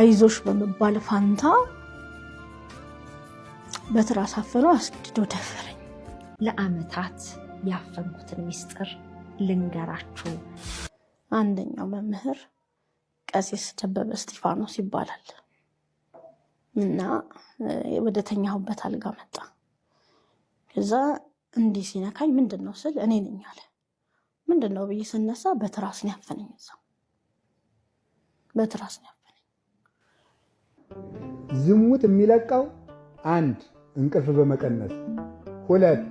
አይዞሽ በመባል ፋንታ በትራ አፍኖ አስገድዶ ደፈረኝ። ለአመታት ያፈንኩትን ሚስጥር ልንገራችሁ። አንደኛው መምህር ቀሲስ ደበበ እስጢፋኖስ ይባላል እና ወደ ተኛሁበት አልጋ መጣ። ከዛ እንዲህ ሲነካኝ ምንድን ነው ስል እኔ ነኝ አለ። ምንድን ነው ብዬ ስነሳ በትራስ ነው ያፈነኝ። እዛው በትራስ ነው ዝሙት የሚለቀው አንድ እንቅልፍ በመቀነስ፣ ሁለት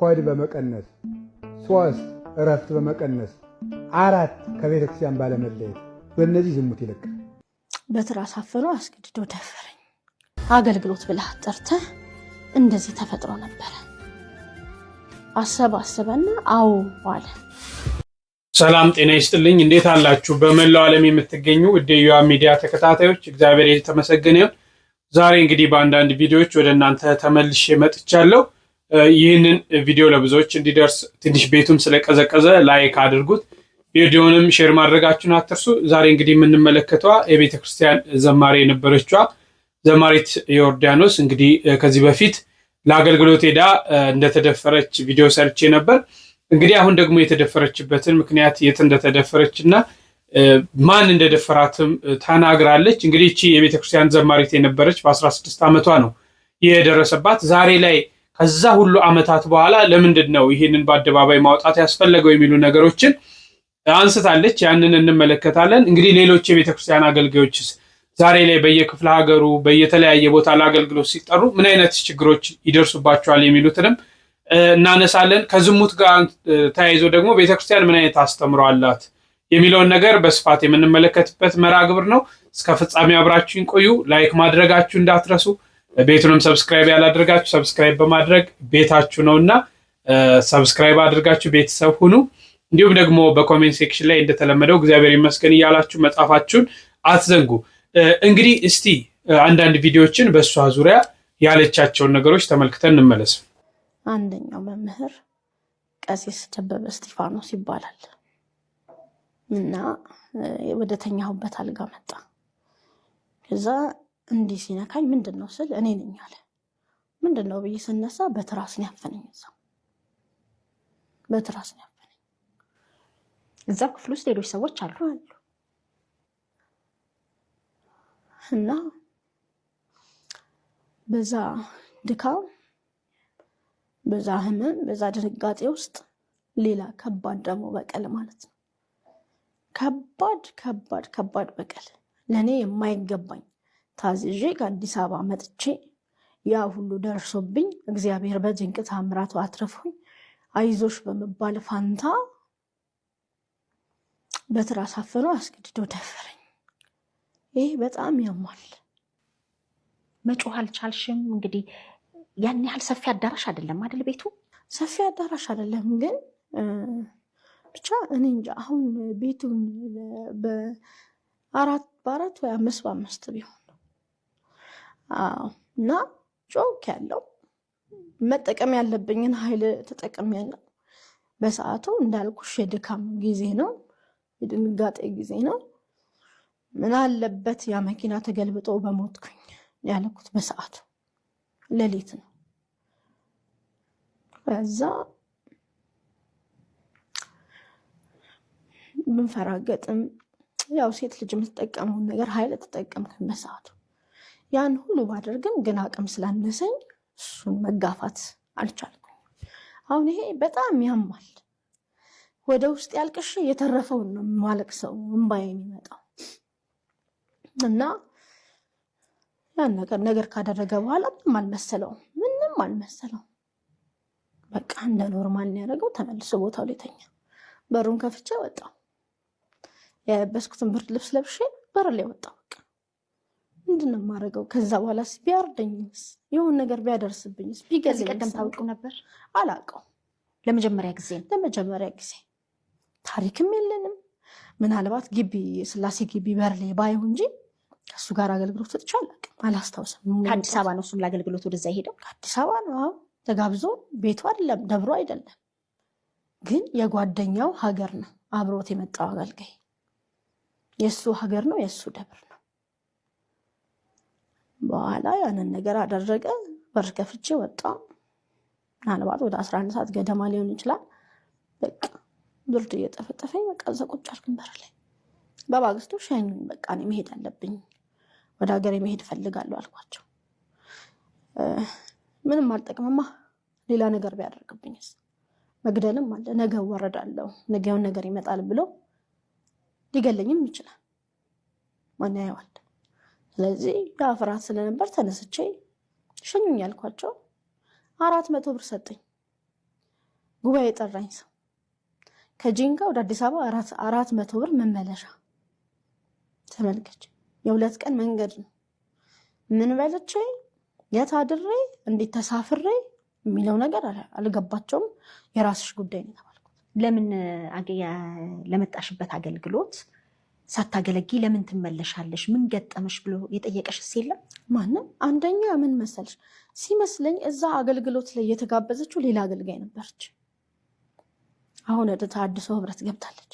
ሆድ በመቀነስ፣ ሶስት እረፍት በመቀነስ፣ አራት ከቤተ ክርስቲያን ባለመለየት። በእነዚህ ዝሙት ይለቃል። በትራስ አፍኖ አስገድዶ ደፈረኝ አገልግሎት ብለህ ጠርተህ እንደዚህ ተፈጥሮ ነበረ። አሰባሰበና አዎ አለ። ሰላም ጤና ይስጥልኝ። እንዴት አላችሁ? በመላው ዓለም የምትገኙ ውድ ሚዲያ ተከታታዮች እግዚአብሔር የተመሰገነ ይሁን። ዛሬ እንግዲህ በአንዳንድ ቪዲዮዎች ወደ እናንተ ተመልሼ መጥቻለሁ። ይህንን ቪዲዮ ለብዙዎች እንዲደርስ ትንሽ ቤቱም ስለቀዘቀዘ ላይክ አድርጉት፣ ቪዲዮንም ሼር ማድረጋችሁን አትርሱ። ዛሬ እንግዲህ የምንመለከተዋ የቤተ ክርስቲያን ዘማሪ የነበረችዋ ዘማሪት ዮርዳኖስ እንግዲህ ከዚህ በፊት ለአገልግሎት ሄዳ እንደተደፈረች ቪዲዮ ሰርቼ ነበር። እንግዲህ አሁን ደግሞ የተደፈረችበትን ምክንያት የት እንደተደፈረች እና ማን እንደደፈራትም ተናግራለች። እንግዲህ እቺ የቤተክርስቲያን ዘማሪት የነበረች በ16 ዓመቷ ነው የደረሰባት። ዛሬ ላይ ከዛ ሁሉ ዓመታት በኋላ ለምንድን ነው ይህንን በአደባባይ ማውጣት ያስፈለገው የሚሉ ነገሮችን አንስታለች። ያንን እንመለከታለን። እንግዲህ ሌሎች የቤተክርስቲያን አገልጋዮችስ ዛሬ ላይ በየክፍለ ሀገሩ በየተለያየ ቦታ ለአገልግሎት ሲጠሩ ምን አይነት ችግሮች ይደርሱባቸዋል የሚሉትንም እናነሳለን። ከዝሙት ጋር ተያይዞ ደግሞ ቤተክርስቲያን ምን አይነት አስተምሮ አላት የሚለውን ነገር በስፋት የምንመለከትበት መርሃ ግብር ነው። እስከ ፍጻሜ አብራችሁን ቆዩ። ላይክ ማድረጋችሁ እንዳትረሱ። ቤቱንም ሰብስክራይብ ያላደርጋችሁ ሰብስክራይብ በማድረግ ቤታችሁ ነው እና ሰብስክራይብ አድርጋችሁ ቤተሰብ ሁኑ። እንዲሁም ደግሞ በኮሜንት ሴክሽን ላይ እንደተለመደው እግዚአብሔር ይመስገን እያላችሁ መጻፋችሁን አትዘንጉ። እንግዲህ እስቲ አንዳንድ ቪዲዮዎችን በእሷ ዙሪያ ያለቻቸውን ነገሮች ተመልክተን እንመለስም። አንደኛው መምህር ቀሲስ ደበበ እስጢፋኖስ ይባላል እና ወደ ተኛሁበት አልጋ መጣ። ከዛ እንዲህ ሲነካኝ ምንድን ነው ስል እኔ ነኝ አለ። ምንድን ነው ብዬ ስነሳ በትራስ ነው ያፈነኝ። እዛው በትራስ ነው ያፈነኝ። እዛ ክፍል ውስጥ ሌሎች ሰዎች አሉ አሉ እና በዛ ድካም በዛ ህመም፣ በዛ ድንጋጤ ውስጥ ሌላ ከባድ ደግሞ በቀል ማለት ነው። ከባድ ከባድ ከባድ በቀል ለእኔ የማይገባኝ ታዝዤ ከአዲስ አበባ መጥቼ ያ ሁሉ ደርሶብኝ እግዚአብሔር በድንቅ ታምራቱ አትረፉኝ አይዞሽ በመባል ፋንታ በትር አሳፍኖ አስገድዶ ደፈረኝ። ይህ በጣም ያሟል። መጮህ አልቻልሽም እንግዲህ ያን ያህል ሰፊ አዳራሽ አይደለም አይደል? ቤቱ ሰፊ አዳራሽ አይደለም ግን ብቻ እኔ እንጃ አሁን ቤቱን በአራት በአራት ወይ አምስት በአምስት ቢሆን እና ጮክ ያለው መጠቀም ያለብኝን ኃይል ተጠቀም ያለው በሰዓቱ እንዳልኩሽ የድካም ጊዜ ነው፣ የድንጋጤ ጊዜ ነው። ምን አለበት ያ መኪና ተገልብጦ በሞትኩኝ ያለኩት በሰዓቱ ሌሊት ነው። ከዛ ብንፈራገጥም ያው ሴት ልጅ የምትጠቀመውን ነገር ኃይል ተጠቀምክ በሰዓቱ። ያን ሁሉ ባደርግም ግን አቅም ስላነሰኝ እሱን መጋፋት አልቻልኩም። አሁን ይሄ በጣም ያማል። ወደ ውስጥ ያልቅሽ የተረፈውን ማለቅ ሰው እምባዬ የሚመጣው እና ያን ነገር ነገር ካደረገ በኋላ ምንም አልመሰለው፣ ምንም አልመሰለው። በቃ እንደ ኖርማል ያደረገው ተመልሶ ቦታው ላይ ተኛ። በሩን ከፍቼ ወጣው፣ የለበስኩትን ብርድ ልብስ ለብሼ በር ላይ ወጣሁ። በቃ ምንድን ነው የማደርገው? ከዛ በኋላ ቢያርደኝስ፣ የሆን ነገር ቢያደርስብኝስ፣ ቢገለኝ። ቀደም ታውቂው ነበር? አላውቀውም። ለመጀመሪያ ጊዜ ለመጀመሪያ ጊዜ ታሪክም የለንም። ምናልባት ግቢ ስላሴ ግቢ በር ላይ ባየው እንጂ ከእሱ ጋር አገልግሎት ሰጥቼ አላውቅም፣ አላስታውስም። ከአዲስ አበባ ነው እሱም ለአገልግሎት ወደዛ የሄደው ከአዲስ አበባ ነው። ተጋብዞ ቤቱ አይደለም ደብሮ አይደለም፣ ግን የጓደኛው ሀገር ነው አብሮት የመጣው አገልጋይ። የእሱ ሀገር ነው የእሱ ደብር ነው። በኋላ ያንን ነገር አደረገ። በር ከፍቼ ወጣ። ምናልባት ወደ አስራ አንድ ሰዓት ገደማ ሊሆን ይችላል። በቃ ብርድ እየጠፈጠፈኝ በቃ እዛ ቁጭ አልኩኝ በር ላይ። በማግስቱ ሸኙኝ። በቃ እኔ መሄድ አለብኝ ወደ ሀገር መሄድ እፈልጋለሁ አልኳቸው። ምንም አልጠቅምማ፣ ሌላ ነገር ቢያደርግብኝስ? መግደልም አለ፣ ነገ ወረዳለው ነገውን ነገር ይመጣል ብሎ ሊገለኝም ይችላል፣ ማን ያየዋል? ስለዚህ ያ ስለነበር ተነስቼ ሸኙኝ ያልኳቸው፣ አራት መቶ ብር ሰጠኝ። ጉባኤ የጠራኝ ሰው ከጂንጋ ወደ አዲስ አበባ አራት መቶ ብር መመለሻ ተመልከች። የሁለት ቀን መንገድ ነው። ምን በልቼ የት አድሬ እንዴት ተሳፍሬ የሚለው ነገር አልገባቸውም። የራስሽ ጉዳይ ነው የተባልኩት። ለምን ለመጣሽበት አገልግሎት ሳታገለጊ ለምን ትመለሻለሽ? ምን ገጠመሽ ብሎ የጠየቀሽስ የለም ማንም? አንደኛ ምን መሰልሽ፣ ሲመስለኝ እዛ አገልግሎት ላይ የተጋበዘችው ሌላ አገልጋይ ነበረች። አሁን ወደ ተሐድሶ ህብረት ገብታለች።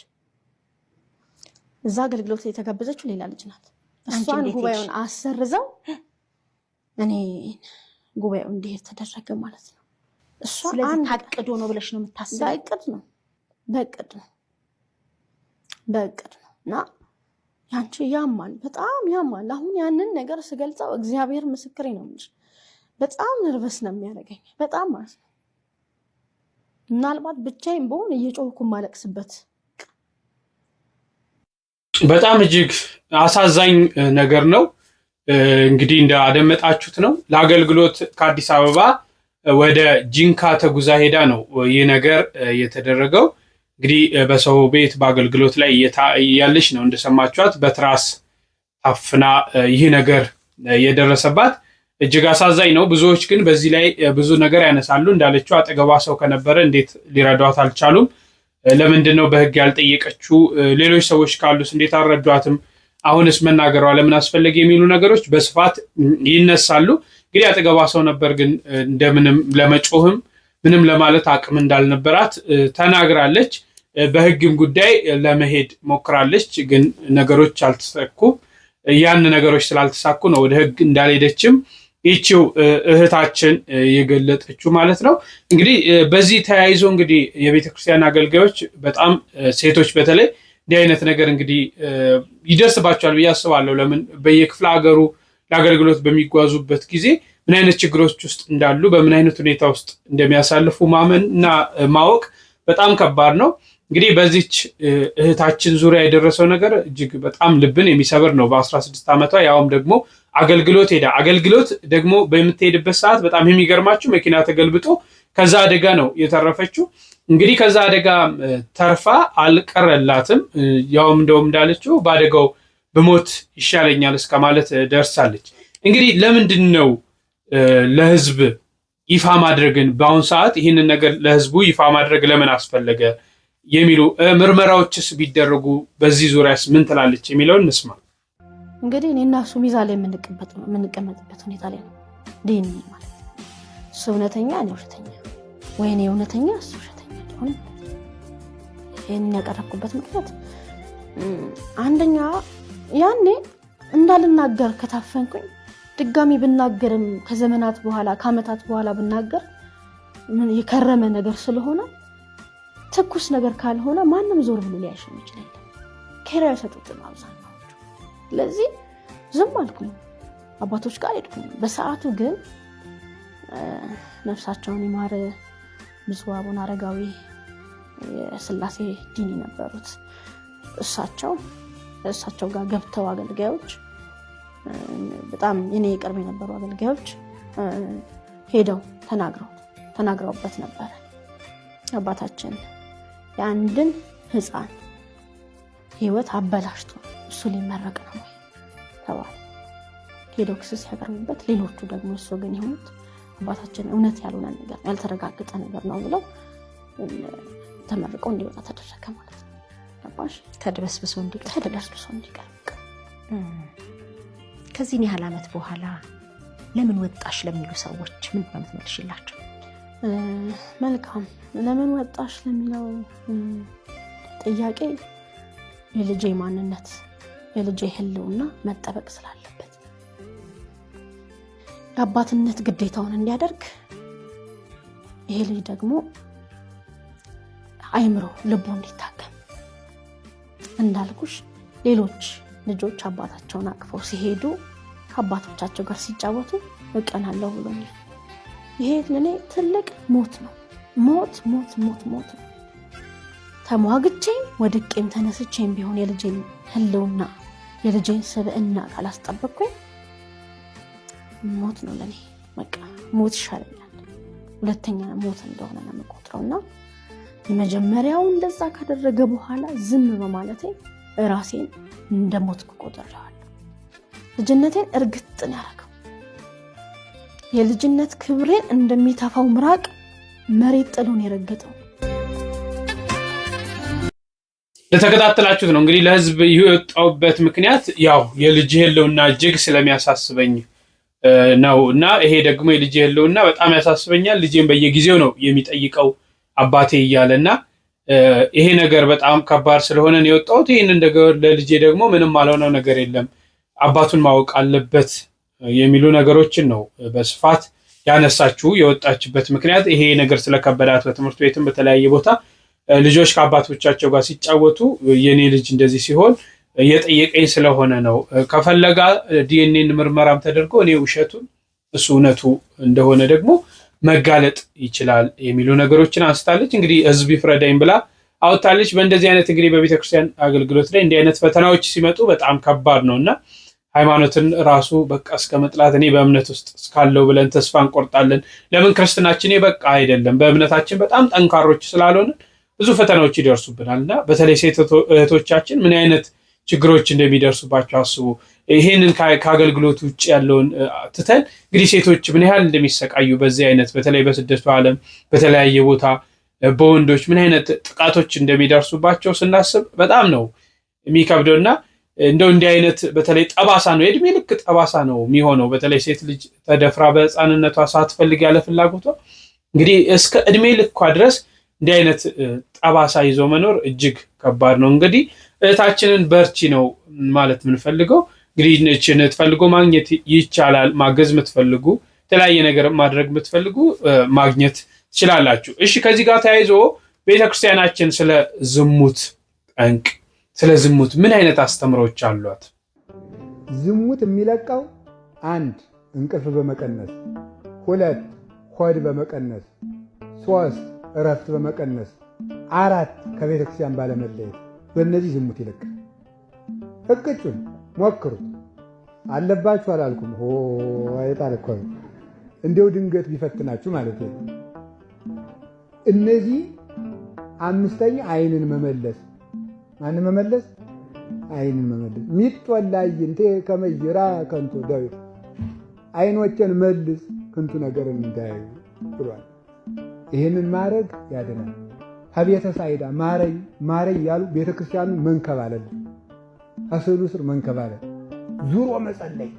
እዛ አገልግሎት ላይ የተጋበዘችው ሌላ ልጅ ናት። እሷን ጉባኤውን አሰርዘው እኔ ጉባኤው እንዲሄድ ተደረገ ማለት ነው። እሷ ታቅዶ ነው ብለሽ ነው የምታስበው? በእቅድ ነው በእቅድ ነው በእቅድ ነው። እና ያንቺ ያማል፣ በጣም ያማል። አሁን ያንን ነገር ስገልጸው እግዚአብሔር ምስክሬ ነው እንጂ በጣም ነርቨስ ነው የሚያደርገኝ በጣም ማለት ነው። ምናልባት ብቻዬን በሆን እየጮህኩ ማለቅስበት በጣም እጅግ አሳዛኝ ነገር ነው። እንግዲህ እንዳደመጣችሁት ነው። ለአገልግሎት ከአዲስ አበባ ወደ ጂንካ ተጉዛ ሄዳ ነው ይህ ነገር የተደረገው። እንግዲህ በሰው ቤት በአገልግሎት ላይ ያለች ነው እንደሰማችኋት፣ በትራስ ታፍና ይህ ነገር የደረሰባት እጅግ አሳዛኝ ነው። ብዙዎች ግን በዚህ ላይ ብዙ ነገር ያነሳሉ። እንዳለችው አጠገቧ ሰው ከነበረ እንዴት ሊረዷት አልቻሉም? ለምንድን ነው በህግ ያልጠየቀችው? ሌሎች ሰዎች ካሉስ እንዴት አልረዷትም? አሁንስ መናገሯ ለምን አስፈለገ? የሚሉ ነገሮች በስፋት ይነሳሉ። እንግዲህ አጠገቧ ሰው ነበር፣ ግን እንደምንም ለመጮህም ምንም ለማለት አቅም እንዳልነበራት ተናግራለች። በህግም ጉዳይ ለመሄድ ሞክራለች፣ ግን ነገሮች አልተሳኩም። ያን ነገሮች ስላልተሳኩ ነው ወደ ህግ እንዳልሄደችም ይቺው እህታችን የገለጠችው ማለት ነው። እንግዲህ በዚህ ተያይዞ እንግዲህ የቤተክርስቲያን አገልጋዮች በጣም ሴቶች በተለይ እንዲህ አይነት ነገር እንግዲህ ይደርስባቸዋል ብዬ አስባለሁ። ለምን በየክፍለ ሀገሩ ለአገልግሎት በሚጓዙበት ጊዜ ምን አይነት ችግሮች ውስጥ እንዳሉ በምን አይነት ሁኔታ ውስጥ እንደሚያሳልፉ ማመን እና ማወቅ በጣም ከባድ ነው። እንግዲህ በዚች እህታችን ዙሪያ የደረሰው ነገር እጅግ በጣም ልብን የሚሰብር ነው። በ16 ዓመቷ ያውም ደግሞ አገልግሎት ሄዳ አገልግሎት ደግሞ በምትሄድበት ሰዓት በጣም የሚገርማችሁ መኪና ተገልብጦ ከዛ አደጋ ነው የተረፈችው። እንግዲህ ከዛ አደጋ ተርፋ አልቀረላትም። ያውም እንደውም እንዳለችው በአደጋው ብሞት ይሻለኛል እስከ ማለት ደርሳለች። እንግዲህ ለምንድን ነው ለህዝብ ይፋ ማድረግን በአሁን ሰዓት ይህንን ነገር ለህዝቡ ይፋ ማድረግ ለምን አስፈለገ የሚሉ ምርመራዎችስ ቢደረጉ በዚህ ዙሪያስ ምን ትላለች የሚለውን እንስማ። እንግዲህ እኔ እና እሱ ሚዛ ላይ የምንቀመጥበት ሁኔታ ላይ ነው። ዲኒ ማለት እሱ እውነተኛ፣ እኔ ውሸተኛ፣ ወይ እኔ እውነተኛ፣ እሱ ውሸተኛ ሊሆን ይህን ያቀረብኩበት ምክንያት አንደኛ ያኔ እንዳልናገር ከታፈንኩኝ ድጋሚ ብናገርም ከዘመናት በኋላ ከአመታት በኋላ ብናገር የከረመ ነገር ስለሆነ ትኩስ ነገር ካልሆነ ማንም ዞር ብሎ ሊያሸም ይችላል። ኬራ ያሰጡት አብዛኛው ስለዚህ ዝም አልኩኝ፣ አባቶች ጋር ሄድኩኝ። በሰዓቱ ግን ነፍሳቸውን ይማር ብፁዕ አቡነ አረጋዊ የስላሴ ዲኒ ነበሩት። እሳቸው እሳቸው ጋር ገብተው አገልጋዮች በጣም እኔ ቅርብ የነበሩ አገልጋዮች ሄደው ተናግረው ተናግረውበት ነበረ አባታችን የአንድን ህፃን ህይወት አበላሽቶ እሱ ሊመረቅ ነው ወይ ተባለ። ሄዶክስ ሲያቀርቡበት፣ ሌሎቹ ደግሞ እሱ ግን የሆኑት አባታችን እውነት ያልሆነ ነገር ያልተረጋገጠ ነገር ነው ብለው ተመርቀው እንዲወጣ ተደረገ ማለት ነው። ገባሽ? ተድበስብሶ እንዲቀር ተደበስብሶ ከዚህን ያህል ዓመት በኋላ ለምን ወጣሽ ለሚሉ ሰዎች ምን ነው የምትመልሽላቸው? መልካም። ለምን ወጣሽ ለሚለው ጥያቄ የልጄ ማንነት የልጄ ህልውና መጠበቅ ስላለበት የአባትነት ግዴታውን እንዲያደርግ ይሄ ልጅ ደግሞ አይምሮ ልቡ እንዲታከም እንዳልኩሽ ሌሎች ልጆች አባታቸውን አቅፈው ሲሄዱ ከአባቶቻቸው ጋር ሲጫወቱ እቀናለሁ ብሎኛል። ይሄ ለእኔ ትልቅ ሞት ነው። ሞት ሞት ሞት ሞት ነው። ተሟግቼም ወድቄም ተነስቼም ቢሆን የልጄን ህልውና የልጄን ስብዕና ካላስጠበቅኩኝ ሞት ነው ለኔ። በቃ ሞት ይሻለኛል። ሁለተኛ ሞት እንደሆነ ነው የምቆጥረው እና የመጀመሪያው እንደዛ ካደረገ በኋላ ዝም በማለቴ እራሴን እንደ ሞት ቆጥሬዋለሁ። ልጅነቴን እርግጥን ያደረገው የልጅነት ክብሬን እንደሚተፋው ምራቅ መሬት ጥሎን የረገጠው ለተከታተላችሁት ነው እንግዲህ ለህዝብ የወጣውበት ምክንያት ያው የልጅ ህልውና እጅግ ስለሚያሳስበኝ ነው እና ይሄ ደግሞ የልጅ ህልውና በጣም ያሳስበኛል። ልጄን በየጊዜው ነው የሚጠይቀው አባቴ እያለ እና ይሄ ነገር በጣም ከባድ ስለሆነ ነው የወጣሁት። ይህንን ለልጄ ደግሞ ምንም አልሆነው ነገር የለም አባቱን ማወቅ አለበት የሚሉ ነገሮችን ነው በስፋት ያነሳችሁ። የወጣችበት ምክንያት ይሄ ነገር ስለከበዳት በትምህርት ቤትም በተለያየ ቦታ ልጆች ከአባቶቻቸው ጋር ሲጫወቱ የኔ ልጅ እንደዚህ ሲሆን የጠየቀኝ ስለሆነ ነው። ከፈለጋ ዲኤንኤን ምርመራም ተደርጎ እኔ ውሸቱን እሱ እውነቱ እንደሆነ ደግሞ መጋለጥ ይችላል የሚሉ ነገሮችን አንስታለች። እንግዲህ ህዝብ ይፍረዳኝ ብላ አውጥታለች። በእንደዚህ አይነት እንግዲህ በቤተክርስቲያን አገልግሎት ላይ እንዲህ አይነት ፈተናዎች ሲመጡ በጣም ከባድ ነው እና ሃይማኖትን ራሱ በቃ እስከ መጥላት እኔ በእምነት ውስጥ እስካለው ብለን ተስፋ እንቆርጣለን። ለምን ክርስትናችን በቃ አይደለም፣ በእምነታችን በጣም ጠንካሮች ስላልሆንን ብዙ ፈተናዎች ይደርሱብናል እና በተለይ ሴት እህቶቻችን ምን አይነት ችግሮች እንደሚደርሱባቸው አስቡ። ይህንን ከአገልግሎት ውጭ ያለውን ትተን እንግዲህ ሴቶች ምን ያህል እንደሚሰቃዩ በዚህ አይነት በተለይ በስደቱ ዓለም በተለያየ ቦታ በወንዶች ምን አይነት ጥቃቶች እንደሚደርሱባቸው ስናስብ በጣም ነው የሚከብደው እና እንደው እንዲህ አይነት በተለይ ጠባሳ ነው የእድሜ ልክ ጠባሳ ነው የሚሆነው። በተለይ ሴት ልጅ ተደፍራ በህፃንነቷ ሳትፈልግ ያለ ፍላጎቷ እንግዲህ እስከ እድሜ ልኳ ድረስ እንዲህ አይነት ጠባሳ ይዞ መኖር እጅግ ከባድ ነው። እንግዲህ እህታችንን በርቺ ነው ማለት የምንፈልገው። እንግዲህ ይህችን እህት ፈልጎ ማግኘት ይቻላል። ማገዝ የምትፈልጉ የተለያየ ነገር ማድረግ የምትፈልጉ ማግኘት ትችላላችሁ። እሺ፣ ከዚህ ጋር ተያይዞ ቤተክርስቲያናችን ስለ ዝሙት ጠንቅ፣ ስለ ዝሙት ምን አይነት አስተምሮች አሏት? ዝሙት የሚለቃው አንድ እንቅልፍ በመቀነስ ሁለት ሆድ በመቀነስ ሶስት እረፍት በመቀነስ አራት ከቤተ ክርስቲያን ባለመለየት በእነዚህ ዝሙት ይለቃል። እቅጩን ሞክሩት። አለባችሁ አላልኩም። ሆይ ጣልኳ እንዲው ድንገት ቢፈትናችሁ ማለት ነው። እነዚህ አምስተኛ አይንን መመለስ ማንን መመለስ? አይንን መመለስ ሚጦላ አይንቴ ከመይራ ከንቱ ዳዊት ዓይኖቼን መልስ ክንቱ ነገርን እንዳይ ብሏል። ይህንን ማድረግ ያድናል። አቤተ ሳይዳ ማረኝ ማረኝ ያሉ ቤተ ክርስቲያኑን መንከባለል፣ ከስዕሉ ስር መንከባለል፣ ዙሮ መጸለይ፣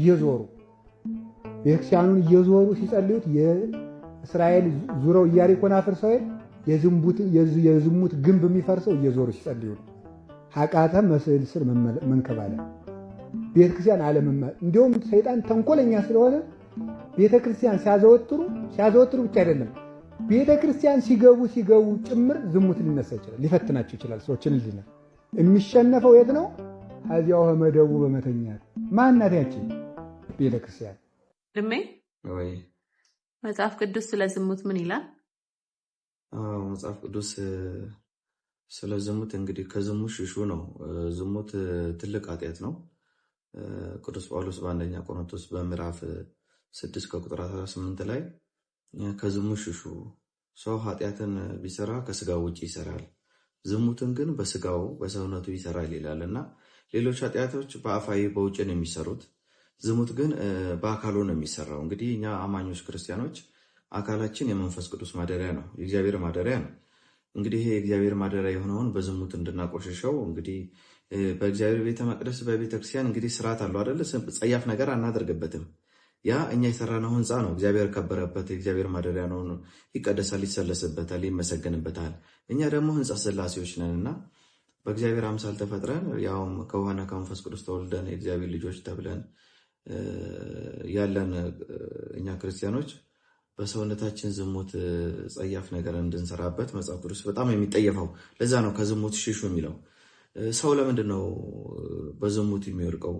እየዞሩ ቤተክርስቲያኑን እየዞሩ ሲጸልዩት የእስራኤል ዙረው ኢያሪኮን አፍርሰው የዝሙት ግንብ የሚፈርሰው እየዞሩ ሲጸልዩ ሀቃተ መስዕል ስር መንከባለል። ቤተ ክርስቲያን እንዲሁም ሰይጣን ተንኮለኛ ስለሆነ ቤተክርስቲያን ሲያዘወትሩ ሲያዘወትሩ ብቻ አይደለም ቤተ ክርስቲያን ሲገቡ ሲገቡ ጭምር ዝሙት ሊነሳ ይችላል፣ ሊፈትናቸው ይችላል። ሰዎችን ልድነ የሚሸነፈው የት ነው? ከዚያው መደቡ በመተኛት ማናት ያችን ቤተ ክርስቲያን ድሜ መጽሐፍ ቅዱስ ስለ ዝሙት ምን ይላል? መጽሐፍ ቅዱስ ስለ ዝሙት እንግዲህ ከዝሙት ሽሹ ነው። ዝሙት ትልቅ ኃጢአት ነው። ቅዱስ ጳውሎስ በአንደኛ ቆሮንቶስ በምዕራፍ ስድስት ከቁጥር 18 ላይ ከዝሙት ሽሹ። ሰው ኃጢአትን ቢሰራ ከስጋው ውጭ ይሰራል፣ ዝሙትን ግን በስጋው በሰውነቱ ይሰራል ይላል እና ሌሎች ኃጢአቶች በአፋዊ በውጭ ነው የሚሰሩት፣ ዝሙት ግን በአካሉ ነው የሚሰራው። እንግዲህ እኛ አማኞች ክርስቲያኖች አካላችን የመንፈስ ቅዱስ ማደሪያ ነው፣ የእግዚአብሔር ማደሪያ ነው። እንግዲህ ይሄ የእግዚአብሔር ማደሪያ የሆነውን በዝሙት እንድናቆሸሸው እንግዲህ በእግዚአብሔር ቤተ መቅደስ በቤተክርስቲያን እንግዲህ ስርዓት አለው አደለ? ጸያፍ ነገር አናደርግበትም ያ እኛ የሰራነው ህንፃ ነው። እግዚአብሔር ከበረበት፣ እግዚአብሔር ማደሪያ ነው። ይቀደሳል፣ ይሰለስበታል፣ ይመሰገንበታል። እኛ ደግሞ ህንፃ ስላሴዎች ነን እና በእግዚአብሔር አምሳል ተፈጥረን ያውም ከውሃና ከመንፈስ ቅዱስ ተወልደን የእግዚአብሔር ልጆች ተብለን ያለን እኛ ክርስቲያኖች በሰውነታችን ዝሙት ጸያፍ ነገር እንድንሰራበት መጽሐፍ ቅዱስ በጣም የሚጠየፈው ለዛ ነው። ከዝሙት ሽሹ የሚለው ሰው ለምንድን ነው በዝሙት የሚወድቀው?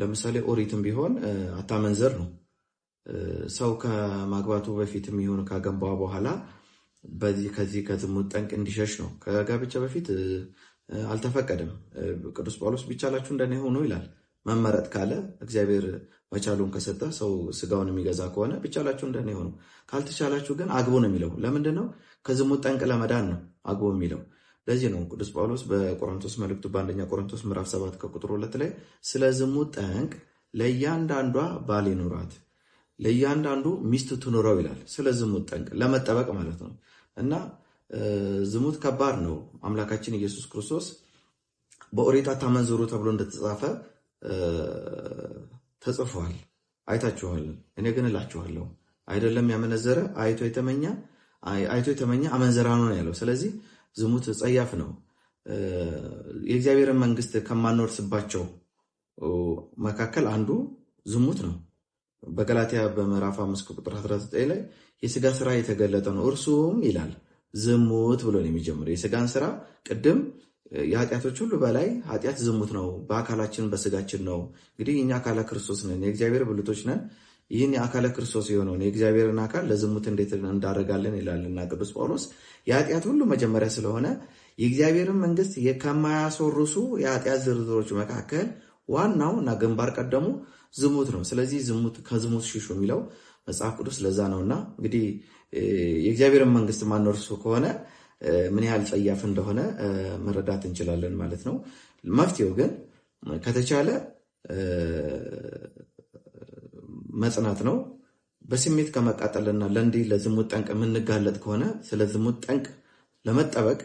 ለምሳሌ ኦሪትም ቢሆን አታመንዘር ነው። ሰው ከማግባቱ በፊት የሚሆን ካገንባ በኋላ ከዚህ ከዝሙት ጠንቅ እንዲሸሽ ነው። ከጋብቻ በፊት አልተፈቀደም። ቅዱስ ጳውሎስ ቢቻላችሁ እንደኔ ሆኑ ይላል። መመረጥ ካለ እግዚአብሔር መቻሉን ከሰጠ ሰው ስጋውን የሚገዛ ከሆነ ቢቻላችሁ እንደኔ ሆኑ፣ ካልተቻላችሁ ግን አግቡ ነው የሚለው። ለምንድን ነው? ከዝሙት ጠንቅ ለመዳን ነው አግቡ የሚለው። ለዚህ ነው ቅዱስ ጳውሎስ በቆሮንቶስ መልእክቱ በአንደኛ ቆሮንቶስ ምዕራፍ 7 ከቁጥር 2 ላይ ስለ ዝሙት ጠንቅ ለእያንዳንዷ ባል ይኑራት፣ ለእያንዳንዱ ሚስት ትኑረው ይላል። ስለ ዝሙት ጠንቅ ለመጠበቅ ማለት ነው እና ዝሙት ከባድ ነው። አምላካችን ኢየሱስ ክርስቶስ በኦሪት አታመንዝሩ ተብሎ እንደተጻፈ ተጽፏል፣ አይታችኋል። እኔ ግን እላችኋለሁ አይደለም ያመነዘረ አይቶ የተመኘ አመንዝራ ነው ያለው። ስለዚህ ዝሙት ጸያፍ ነው። የእግዚአብሔርን መንግስት ከማንወርስባቸው መካከል አንዱ ዝሙት ነው። በገላትያ በምዕራፍ 5 ቁጥር 19 ላይ የስጋ ስራ የተገለጠ ነው እርሱም ይላል ዝሙት ብሎ ነው የሚጀምረው። የስጋን ስራ ቅድም የኃጢአቶች ሁሉ በላይ ኃጢአት ዝሙት ነው። በአካላችን በስጋችን ነው። እንግዲህ እኛ አካለ ክርስቶስ ነን፣ የእግዚአብሔር ብልቶች ነን። ይህን የአካለ ክርስቶስ የሆነውን የእግዚአብሔርን አካል ለዝሙት እንዴት እንዳደረጋለን ይላልና ቅዱስ ጳውሎስ የኃጢአት ሁሉ መጀመሪያ ስለሆነ የእግዚአብሔርን መንግስት ከማያስወርሱ የኃጢአት ዝርዝሮች መካከል ዋናው እና ግንባር ቀደሙ ዝሙት ነው። ስለዚህ ዝሙት ከዝሙት ሽሹ የሚለው መጽሐፍ ቅዱስ ለዛ ነውና እንግዲህ የእግዚአብሔርን መንግስት ማንወርሱ ከሆነ ምን ያህል ጸያፍ እንደሆነ መረዳት እንችላለን ማለት ነው። መፍትሄው ግን ከተቻለ መጽናት ነው። በስሜት ከመቃጠልና ለእንዲህ ለዝሙት ጠንቅ የምንጋለጥ ከሆነ ስለ ዝሙት ጠንቅ ለመጠበቅ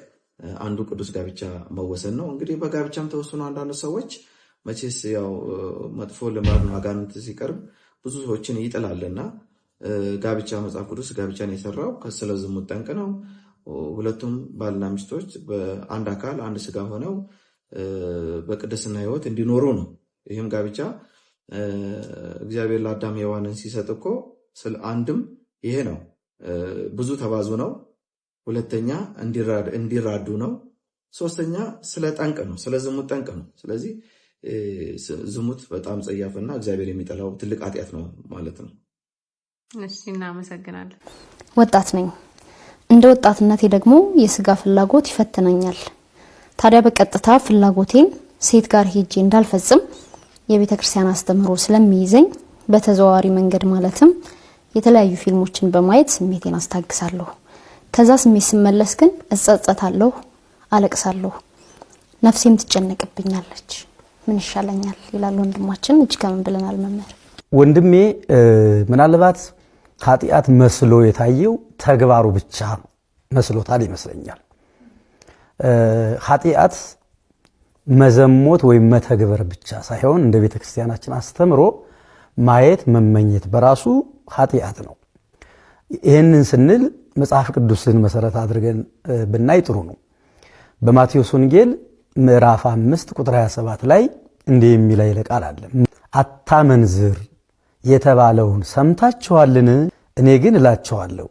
አንዱ ቅዱስ ጋብቻ መወሰን ነው። እንግዲህ በጋብቻም ተወስኖ አንዳንድ ሰዎች መቼስ ያው መጥፎ ልማድ ነው፣ አጋንንት ሲቀርብ ብዙ ሰዎችን ይጥላልና ጋብቻ መጽሐፍ ቅዱስ ጋብቻን የሰራው ስለ ዝሙት ጠንቅ ነው። ሁለቱም ባልና ሚስቶች በአንድ አካል አንድ ስጋ ሆነው በቅድስና ህይወት እንዲኖሩ ነው። ይህም ጋብቻ እግዚአብሔር ለአዳም ሔዋንን ሲሰጥ እኮ ስለ አንድም ይሄ ነው፣ ብዙ ተባዙ ነው። ሁለተኛ እንዲራዱ ነው። ሶስተኛ ስለ ጠንቅ ነው፣ ስለ ዝሙት ጠንቅ ነው። ስለዚህ ዝሙት በጣም ጸያፍና እግዚአብሔር የሚጠላው ትልቅ ኃጢአት ነው ማለት ነው። እሺ እናመሰግናለን። ወጣት ነኝ። እንደ ወጣትነቴ ደግሞ የስጋ ፍላጎት ይፈትነኛል። ታዲያ በቀጥታ ፍላጎቴን ሴት ጋር ሄጄ እንዳልፈጽም የቤተ ክርስቲያን አስተምህሮ ስለሚይዘኝ በተዘዋዋሪ መንገድ ማለትም የተለያዩ ፊልሞችን በማየት ስሜቴን አስታግሳለሁ። ከዛ ስሜት ስመለስ ግን እጸጸታለሁ፣ አለቅሳለሁ፣ ነፍሴም ትጨነቅብኛለች። ምን ይሻለኛል ይላል ወንድማችን። እጅ ከምን ብለናል መምህር ወንድሜ። ምናልባት ኃጢአት መስሎ የታየው ተግባሩ ብቻ መስሎታል ይመስለኛል። ኃጢአት መዘሞት ወይም መተግበር ብቻ ሳይሆን እንደ ቤተ ክርስቲያናችን አስተምሮ ማየት መመኘት በራሱ ኃጢአት ነው። ይህንን ስንል መጽሐፍ ቅዱስን መሰረት አድርገን ብናይ ጥሩ ነው። በማቴዎስ ወንጌል ምዕራፍ አምስት ቁጥር 27 ላይ እንዲህ የሚል ኃይለ ቃል አለ። አታመንዝር የተባለውን ሰምታችኋልን? እኔ ግን እላችኋለሁ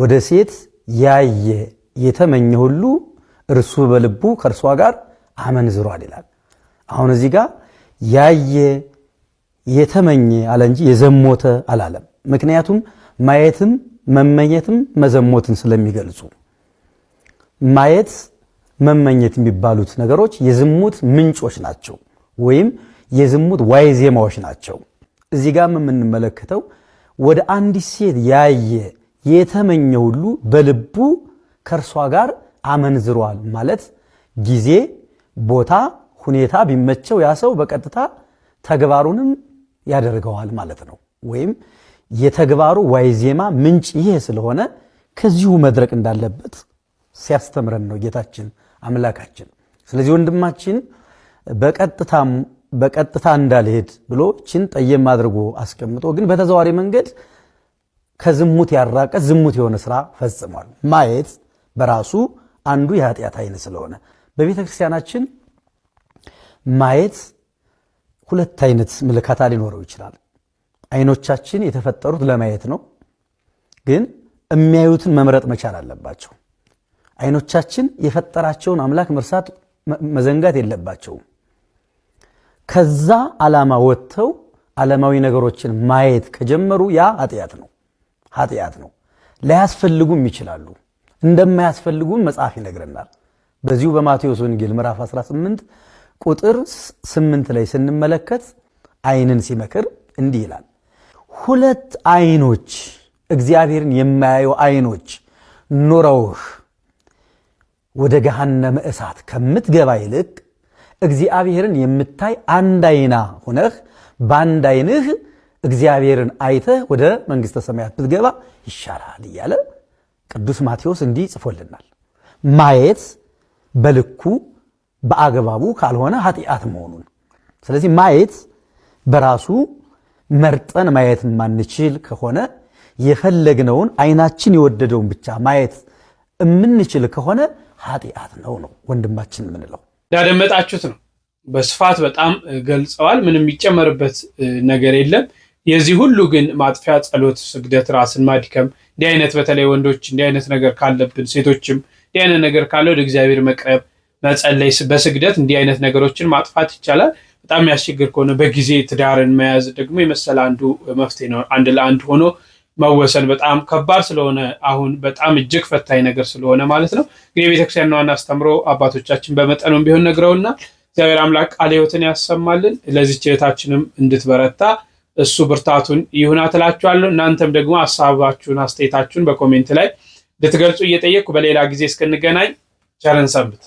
ወደ ሴት ያየ የተመኘ ሁሉ እርሱ በልቡ ከእርሷ ጋር አመንዝሯል ይላል። አሁን እዚህ ጋር ያየ የተመኘ አለ እንጂ የዘሞተ አላለም። ምክንያቱም ማየትም መመኘትም መዘሞትን ስለሚገልጹ ማየት መመኘት የሚባሉት ነገሮች የዝሙት ምንጮች ናቸው፣ ወይም የዝሙት ዋይዜማዎች ዜማዎች ናቸው። እዚህ ጋም የምንመለከተው ወደ አንዲት ሴት ያየ የተመኘ ሁሉ በልቡ ከእርሷ ጋር አመንዝሯል ማለት ጊዜ ቦታ ሁኔታ ቢመቸው ያ ሰው በቀጥታ ተግባሩንም ያደርገዋል ማለት ነው። ወይም የተግባሩ ዋይዜማ ምንጭ ይሄ ስለሆነ ከዚሁ መድረቅ እንዳለበት ሲያስተምረን ነው ጌታችን አምላካችን። ስለዚህ ወንድማችን በቀጥታ እንዳልሄድ ብሎ ችን ጠየም አድርጎ አስቀምጦ ግን በተዘዋሪ መንገድ ከዝሙት ያራቀ ዝሙት የሆነ ስራ ፈጽሟል። ማየት በራሱ አንዱ የኃጢአት አይነት ስለሆነ በቤተ ክርስቲያናችን ማየት ሁለት አይነት ምልከታ ሊኖረው ይችላል። አይኖቻችን የተፈጠሩት ለማየት ነው፣ ግን የሚያዩትን መምረጥ መቻል አለባቸው። አይኖቻችን የፈጠራቸውን አምላክ መርሳት መዘንጋት የለባቸውም። ከዛ ዓላማ ወጥተው ዓለማዊ ነገሮችን ማየት ከጀመሩ ያ ኃጢአት ነው ኃጢአት ነው። ላያስፈልጉም ይችላሉ። እንደማያስፈልጉም መጽሐፍ ይነግረናል። በዚሁ በማቴዎስ ወንጌል ምዕራፍ 18 ቁጥር 8 ላይ ስንመለከት አይንን ሲመክር እንዲህ ይላል። ሁለት አይኖች እግዚአብሔርን የማያዩ አይኖች ኖረውህ ወደ ገሃነመ እሳት ከምትገባ ይልቅ እግዚአብሔርን የምታይ አንድ አይና ሆነህ በአንድ አይንህ እግዚአብሔርን አይተህ ወደ መንግሥተ ሰማያት ብትገባ ይሻላል እያለ ቅዱስ ማቴዎስ እንዲህ ጽፎልናል። ማየት በልኩ በአግባቡ ካልሆነ ኃጢአት መሆኑን። ስለዚህ ማየት በራሱ መርጠን ማየት የማንችል ከሆነ የፈለግነውን አይናችን የወደደውን ብቻ ማየት የምንችል ከሆነ ኃጢአት ነው ነው ወንድማችን የምንለው። እንዳደመጣችሁት ነው። በስፋት በጣም ገልጸዋል። ምንም የሚጨመርበት ነገር የለም። የዚህ ሁሉ ግን ማጥፊያ ጸሎት፣ ስግደት፣ ራስን ማድከም እንዲህ አይነት በተለይ ወንዶች እንዲህ አይነት ነገር ካለብን ሴቶችም እንዲህ አይነት ነገር ካለ ወደ እግዚአብሔር መቅረብ፣ መጸለይ፣ በስግደት እንዲህ አይነት ነገሮችን ማጥፋት ይቻላል። በጣም ያስቸግር ከሆነ በጊዜ ትዳርን መያዝ ደግሞ የመሰለ አንዱ መፍትሄ ነው። አንድ ለአንድ ሆኖ መወሰን በጣም ከባድ ስለሆነ አሁን በጣም እጅግ ፈታኝ ነገር ስለሆነ ማለት ነው። ግን የቤተክርስቲያን ዋና አስተምሮ አባቶቻችን በመጠኑም ቢሆን ነግረውና እግዚአብሔር አምላክ ቃለ ሕይወትን ያሰማልን ለዚህ እህታችንም እንድትበረታ እሱ ብርታቱን ይሁን ትላችኋለሁ። እናንተም ደግሞ ሀሳባችሁን አስተያየታችሁን በኮሜንት ላይ እንድትገልጹ እየጠየቅኩ በሌላ ጊዜ እስክንገናኝ ቸርን ሰብት።